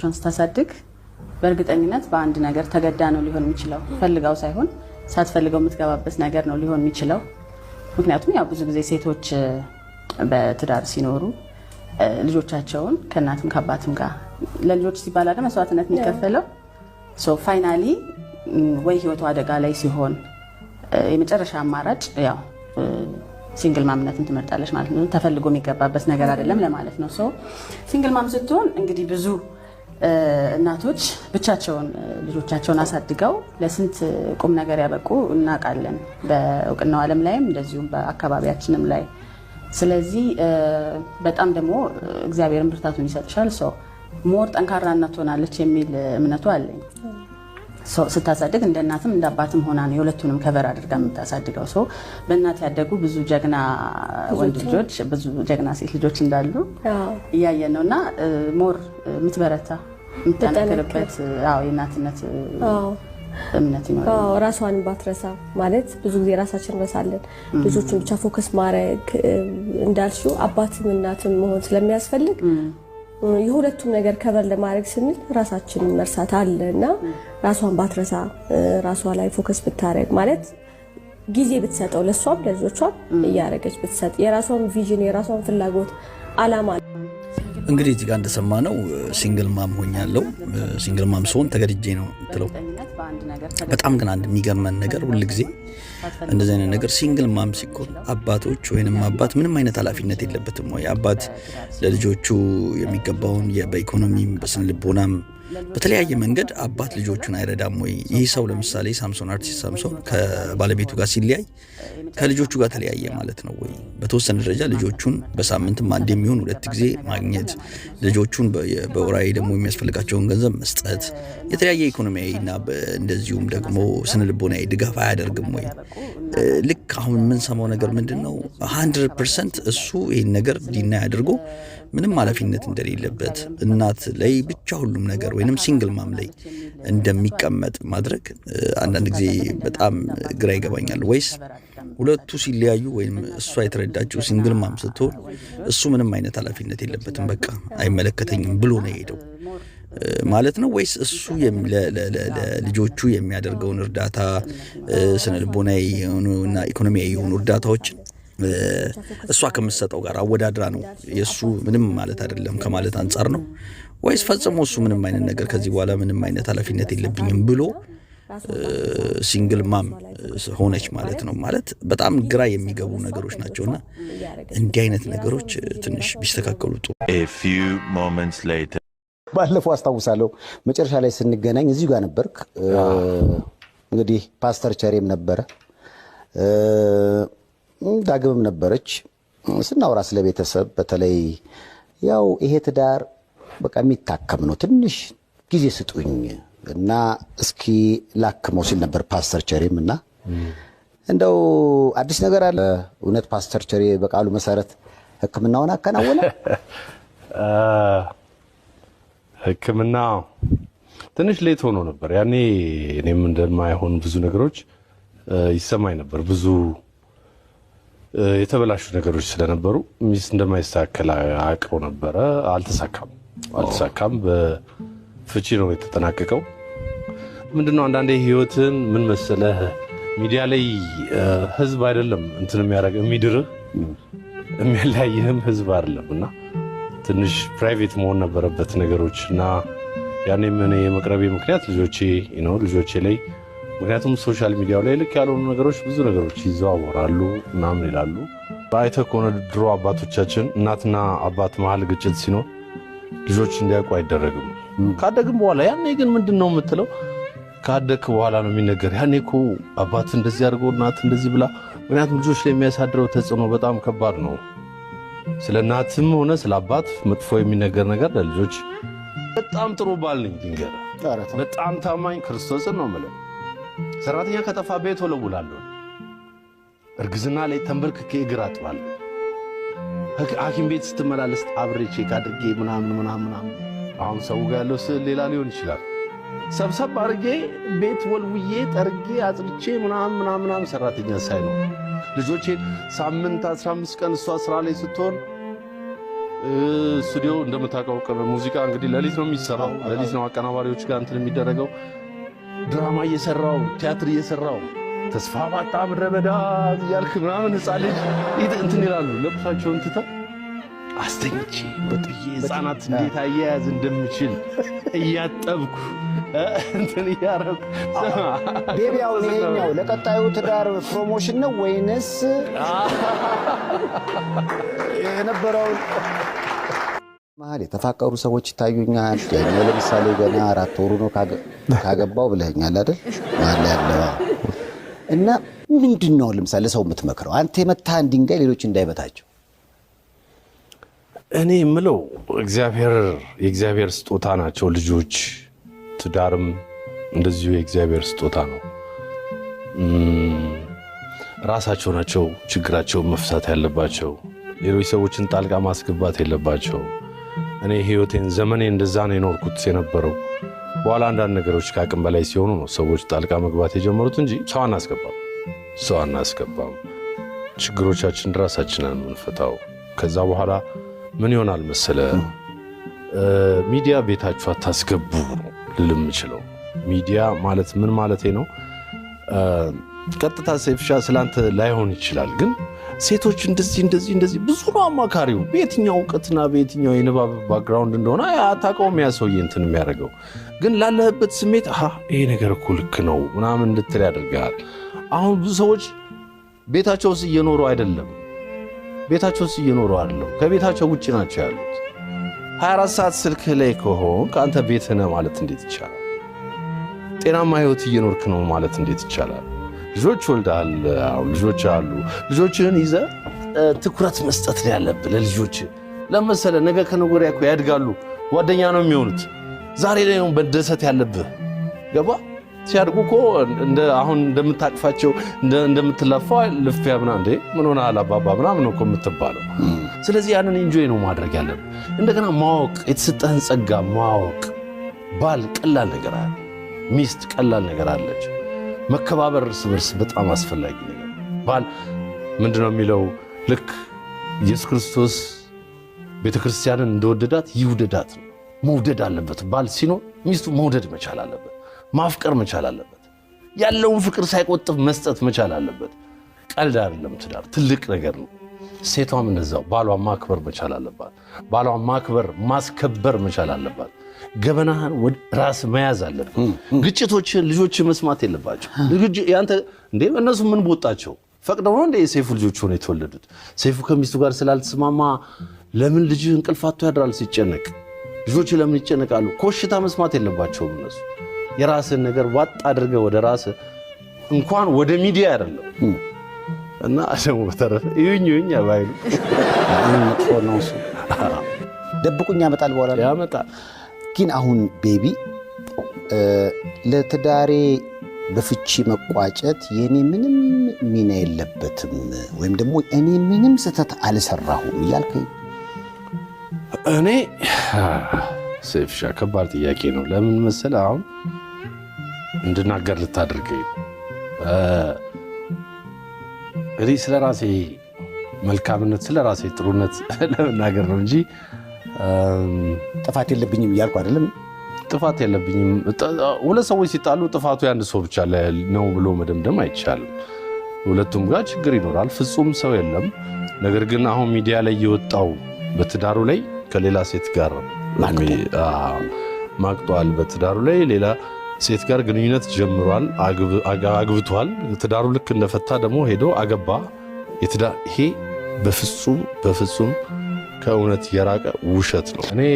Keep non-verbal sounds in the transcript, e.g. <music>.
ልጆቿን ስታሳድግ በእርግጠኝነት በአንድ ነገር ተገዳ ነው ሊሆን የሚችለው። ፈልጋው ሳይሆን ሳትፈልገው የምትገባበት ነገር ነው ሊሆን የሚችለው። ምክንያቱም ያው ብዙ ጊዜ ሴቶች በትዳር ሲኖሩ ልጆቻቸውን ከእናትም ከአባትም ጋር ለልጆች ሲባል አለ መስዋዕትነት የሚከፈለው። ፋይናሊ ወይ ህይወቱ አደጋ ላይ ሲሆን የመጨረሻ አማራጭ ያው ሲንግል ማምነትን ትመርጣለች ማለት ነው። ተፈልጎ የሚገባበት ነገር አይደለም ለማለት ነው። ሲንግል ማም ስትሆን እንግዲህ ብዙ እናቶች ብቻቸውን ልጆቻቸውን አሳድገው ለስንት ቁም ነገር ያበቁ እናውቃለን። በእውቅናው ዓለም ላይም እንደዚሁም በአካባቢያችንም ላይ ስለዚህ በጣም ደግሞ እግዚአብሔርን ብርታቱን ይሰጥሻል። ሰው ሞር ጠንካራ እናት ሆናለች የሚል እምነቱ አለኝ። ስታሳድግ እንደ እናትም እንደ አባትም ሆና ነው የሁለቱንም ከበር አድርጋ የምታሳድገው። ሰው በእናት ያደጉ ብዙ ጀግና ወንድ ልጆች፣ ብዙ ጀግና ሴት ልጆች እንዳሉ እያየን ነው እና ሞር የምትበረታ የምታነክርበት የእናትነት እምነት ይኖራል። ራሷን ባትረሳ ማለት ብዙ ጊዜ ራሳችን እንረሳለን። ልጆቹን ብቻ ፎከስ ማድረግ እንዳልሽው አባትም እናትም መሆን ስለሚያስፈልግ የሁለቱም ነገር ከበር ለማድረግ ስንል ራሳችንን መርሳት አለ እና ራሷን ባትረሳ ራሷ ላይ ፎከስ ብታደረግ ማለት ጊዜ ብትሰጠው ለእሷም ለልጆቿም እያደረገች ብትሰጥ የራሷን ቪዥን የራሷን ፍላጎት አላማ እንግዲህ እዚህ ጋር እንደሰማ ነው ሲንግል ማም ሆኛለሁ። ሲንግል ማም ሲሆን ተገድጄ ነው ትለው በጣም ግን አንድ የሚገርመን ነገር ሁል ጊዜ እንደዚህ አይነት ነገር ሲንግል ማም ሲኮን አባቶች ወይንም አባት ምንም አይነት ኃላፊነት የለበትም ወይ? አባት ለልጆቹ የሚገባውን በኢኮኖሚም በስነ ልቦናም በተለያየ መንገድ አባት ልጆቹን አይረዳም ወይ? ይህ ሰው ለምሳሌ ሳምሶን አርቲስት ሳምሶን ከባለቤቱ ጋር ሲለያይ ከልጆቹ ጋር ተለያየ ማለት ነው ወይ? በተወሰነ ደረጃ ልጆቹን በሳምንትም አንድ የሚሆን ሁለት ጊዜ ማግኘት፣ ልጆቹን በወራዊ ደግሞ የሚያስፈልጋቸውን ገንዘብ መስጠት፣ የተለያየ ኢኮኖሚያዊና እንደዚሁም ደግሞ ስነ ድጋፍ አያደርግም ወይ? ልክ አሁን የምንሰማው ነገር ምንድን ነው? ሀንድረድ ፐርሰንት እሱ ይህን ነገር ዲና አድርጎ ምንም ኃላፊነት እንደሌለበት እናት ላይ ብቻ ሁሉም ነገር ወይንም ሲንግል ማም ላይ እንደሚቀመጥ ማድረግ አንዳንድ ጊዜ በጣም ግራ ይገባኛል ወይስ ሁለቱ ሲለያዩ ወይም እሷ የተረዳችው ሲንግል ማም ስትሆን እሱ ምንም አይነት ኃላፊነት የለበትም በቃ አይመለከተኝም ብሎ ነው የሄደው ማለት ነው ወይስ እሱ ለልጆቹ የሚያደርገውን እርዳታ ስነልቦና የሆኑና እና ኢኮኖሚያዊ የሆኑ እርዳታዎችን እሷ ከምትሰጠው ጋር አወዳድራ ነው የእሱ ምንም ማለት አይደለም ከማለት አንጻር ነው ወይስ ፈጽሞ እሱ ምንም አይነት ነገር ከዚህ በኋላ ምንም አይነት ኃላፊነት የለብኝም ብሎ ሲንግል ማም ሆነች ማለት ነው። ማለት በጣም ግራ የሚገቡ ነገሮች ናቸውና እንዲህ አይነት ነገሮች ትንሽ ቢስተካከሉ ጥሩ። ባለፈው አስታውሳለሁ መጨረሻ ላይ ስንገናኝ እዚሁ ጋር ነበርክ። እንግዲህ ፓስተር ቸሬም ነበረ ዳግምም ነበረች። ስናወራ ስለ ቤተሰብ በተለይ ያው ይሄ ትዳር በቃ የሚታከም ነው፣ ትንሽ ጊዜ ስጡኝ እና እስኪ ላክመው ሲል ነበር ፓስተር ቸሬም እና እንደው አዲስ ነገር አለ እውነት ፓስተር ቸሬ በቃሉ መሰረት ህክምናውን አከናወነ። <laughs> ህክምና ትንሽ ሌት ሆኖ ነበር ያኔ። እኔም እንደማይሆን ብዙ ነገሮች ይሰማኝ ነበር። ብዙ የተበላሹ ነገሮች ስለነበሩ ሚስ እንደማይስተካከል አውቀው ነበረ። አልተሳካም አልተሳካም። ፍቺ ነው የተጠናቀቀው። ምንድነው አንዳንዴ ህይወትን ምን መሰለህ ሚዲያ ላይ ህዝብ አይደለም እንትን የሚያደርግ የሚድርህ የሚያለያይህም ህዝብ አይደለም እና ትንሽ ፕራይቬት መሆን ነበረበት ነገሮች እና ያኔ ምን የመቅረቤ ምክንያት ልጆቼ ነው ልጆቼ ላይ ምክንያቱም ሶሻል ሚዲያው ላይ ልክ ያልሆኑ ነገሮች ብዙ ነገሮች ይዘዋወራሉ ምናምን ይላሉ። በአይተ ከሆነ ድሮ አባቶቻችን እናትና አባት መሀል ግጭት ሲኖር ልጆች እንዲያውቁ አይደረግም። ካደግም በኋላ ያኔ ግን ምንድን ነው የምትለው? ካደግ በኋላ ነው የሚነገር። ያኔ እኮ አባት እንደዚህ አድርገው እናት እንደዚህ ብላ። ምክንያቱም ልጆች ላይ የሚያሳድረው ተጽዕኖ በጣም ከባድ ነው። ስለ እናትም ሆነ ስለ አባት መጥፎ የሚነገር ነገር ለልጆች። በጣም ጥሩ ባል ነኝ፣ ድንገር በጣም ታማኝ ክርስቶስን ነው የምለው። ሰራተኛ ከጠፋ ቤት ወለውላለሁ። እርግዝና ላይ ተንበርክኬ እግር አጥባለሁ። ሐኪም ቤት ስትመላለስ አብሬቼ ካድርጌ ምናምን ምናምን ምናምን አሁን ሰው ጋር ያለው ስዕል ሌላ ሊሆን ይችላል። ሰብሰብ አድርጌ ቤት ወልውዬ ጠርጌ አጽድቼ ምናም ምናም ምናም ሰራተኛ ሳይ ነው ልጆቼን ሳምንት 15 ቀን እሷ ስራ ላይ ስትሆን ስቱዲዮ እንደምታውቀው ሙዚቃ እንግዲህ ለሊት ነው የሚሰራው። ለሊት ነው አቀናባሪዎች ጋር እንትን የሚደረገው። ድራማ እየሰራው ቲያትር እየሰራው ተስፋ ባጣ ምድረ በዳ እያልክ ምናምን ህፃን ልጅ እንትን ይላሉ ለብሳቸውን ትተው አስተኝቼ በጥዬ ህፃናት እንዴት አያያዝ እንደምችል እያጠብኩ እንትን እያረኩ ቤቢያው ይሄኛው ለቀጣዩ ትዳር ፕሮሞሽን ነው ወይንስ የነበረውን መሀል የተፋቀሩ ሰዎች ይታዩኛል። ያኛው ለምሳሌ ገና አራት ወሩ ነው ካገባው ብለኛል አይደል? መሀል ያለው እና ምንድን ነው ለምሳሌ ሰው የምትመክረው አንተ የመታህን ድንጋይ ሌሎች እንዳይመታቸው እኔ የምለው እግዚአብሔር የእግዚአብሔር ስጦታ ናቸው ልጆች። ትዳርም እንደዚሁ የእግዚአብሔር ስጦታ ነው። ራሳቸው ናቸው ችግራቸውን መፍታት ያለባቸው። ሌሎች ሰዎችን ጣልቃ ማስገባት የለባቸው። እኔ ህይወቴን ዘመኔ እንደዛ ነው የኖርኩት የነበረው። በኋላ አንዳንድ ነገሮች ከአቅም በላይ ሲሆኑ ነው ሰዎች ጣልቃ መግባት የጀመሩት እንጂ ሰው አናስገባም፣ ሰው አናስገባም። ችግሮቻችን ራሳችንን የምንፈታው ከዛ በኋላ ምን ይሆናል መሰለ ሚዲያ ቤታችሁ አታስገቡ ልል የምችለው ሚዲያ ማለት ምን ማለቴ ነው? ቀጥታ ሴፍሻ ስላንተ ላይሆን ይችላል፣ ግን ሴቶች እንደዚህ እንደዚህ እንደዚህ ብዙ ነው አማካሪው በየትኛው እውቀትና በየትኛው የንባብ ባክግራውንድ እንደሆነ አታውቀውም። ያ ሰውዬ እንትን የሚያደርገው ግን ላለህበት ስሜት ይሄ ነገር እኮ ልክ ነው ምናምን እንድትል ያደርግሃል። አሁን ብዙ ሰዎች ቤታቸው ውስጥ እየኖሩ አይደለም ቤታቸው ውስጥ እየኖሩ አለው። ከቤታቸው ውጭ ናቸው ያሉት። 24 ሰዓት ስልክህ ላይ ከሆንክ አንተ ቤትህ ነህ ማለት እንዴት ይቻላል? ጤናማ ህይወት እየኖርክ ነው ማለት እንዴት ይቻላል? ልጆች ወልዳል፣ ልጆች አሉ። ልጆችህን ይዘ ትኩረት መስጠት ነው ያለብህ ለልጆች ለመሰለ ነገ ከነገ ወዲያ እኮ ያድጋሉ፣ ጓደኛ ነው የሚሆኑት። ዛሬ ላይ ነው መደሰት ያለብህ። ገባ ሲያድጉ እኮ አሁን እንደምታቅፋቸው እንደምትለፋ ልፊያ ምና እንዴ ምን ሆነ አላባባ ምናምን እኮ የምትባለው። ስለዚህ ያንን ኢንጆይ ነው ማድረግ ያለን። እንደገና ማወቅ፣ የተሰጠህን ጸጋ ማወቅ። ባል ቀላል ነገር አለ፣ ሚስት ቀላል ነገር አለች። መከባበር እርስ በርስ በጣም አስፈላጊ ነገር። ባል ምንድነው የሚለው ልክ ኢየሱስ ክርስቶስ ቤተ ክርስቲያንን እንደወደዳት ይውደዳት ነው። መውደድ አለበት ባል ሲኖር ሚስቱ መውደድ መቻል አለበት። ማፍቀር መቻል አለበት። ያለውን ፍቅር ሳይቆጥብ መስጠት መቻል አለበት። ቀልድ አይደለም ትዳር፣ ትልቅ ነገር ነው። ሴቷም እንደዛው ባሏን ማክበር መቻል አለባት። ባሏን ማክበር ማስከበር መቻል አለባት። ገበናህን ራስ መያዝ አለብህ። ግጭቶችን ልጆች መስማት የለባቸው። ያንተ እንደ እነሱ ምን ቦጣቸው ፈቅደው ነው እንደ የሰይፉ ልጆች ሆነ የተወለዱት? ሴፉ ከሚስቱ ጋር ስላልተስማማ ለምን ልጅ እንቅልፋቶ ያድራል ሲጨነቅ? ልጆች ለምን ይጨነቃሉ? ኮሽታ መስማት የለባቸውም እነሱ የራስን ነገር ዋጥ አድርገ ወደ ራስ እንኳን ወደ ሚዲያ አይደለም እና ደግሞ በተረፈ ይሁኝ ይሁኝ አባይሉ ነው ደብቁኝ ያመጣል በኋላ ያመጣል። ግን አሁን ቤቢ ለትዳሬ በፍቺ መቋጨት የእኔ ምንም ሚና የለበትም ወይም ደግሞ እኔ ምንም ስህተት አልሰራሁም እያልከኝ እኔ ሴፍሻ ከባድ ጥያቄ ነው። ለምን መሰል አሁን እንድናገር ልታደርገኝ እንግዲህ ስለ ራሴ መልካምነት ስለ ራሴ ጥሩነት <laughs> ለመናገር ነው እንጂ ጥፋት የለብኝም እያልኩ አይደለም። ጥፋት የለብኝም። ሁለት ሰዎች ሲጣሉ ጥፋቱ የአንድ ሰው ብቻ ነው ብሎ መደምደም አይቻልም። ሁለቱም ጋር ችግር ይኖራል። ፍጹም ሰው የለም። ነገር ግን አሁን ሚዲያ ላይ የወጣው በትዳሩ ላይ ከሌላ ሴት ጋር ነው ማቅጧል። በትዳሩ ላይ ሌላ ሴት ጋር ግንኙነት ጀምሯል፣ አግብቷል። ትዳሩ ልክ እንደፈታ ደግሞ ሄዶ አገባ። ይሄ በፍጹም በፍጹም ከእውነት የራቀ ውሸት ነው።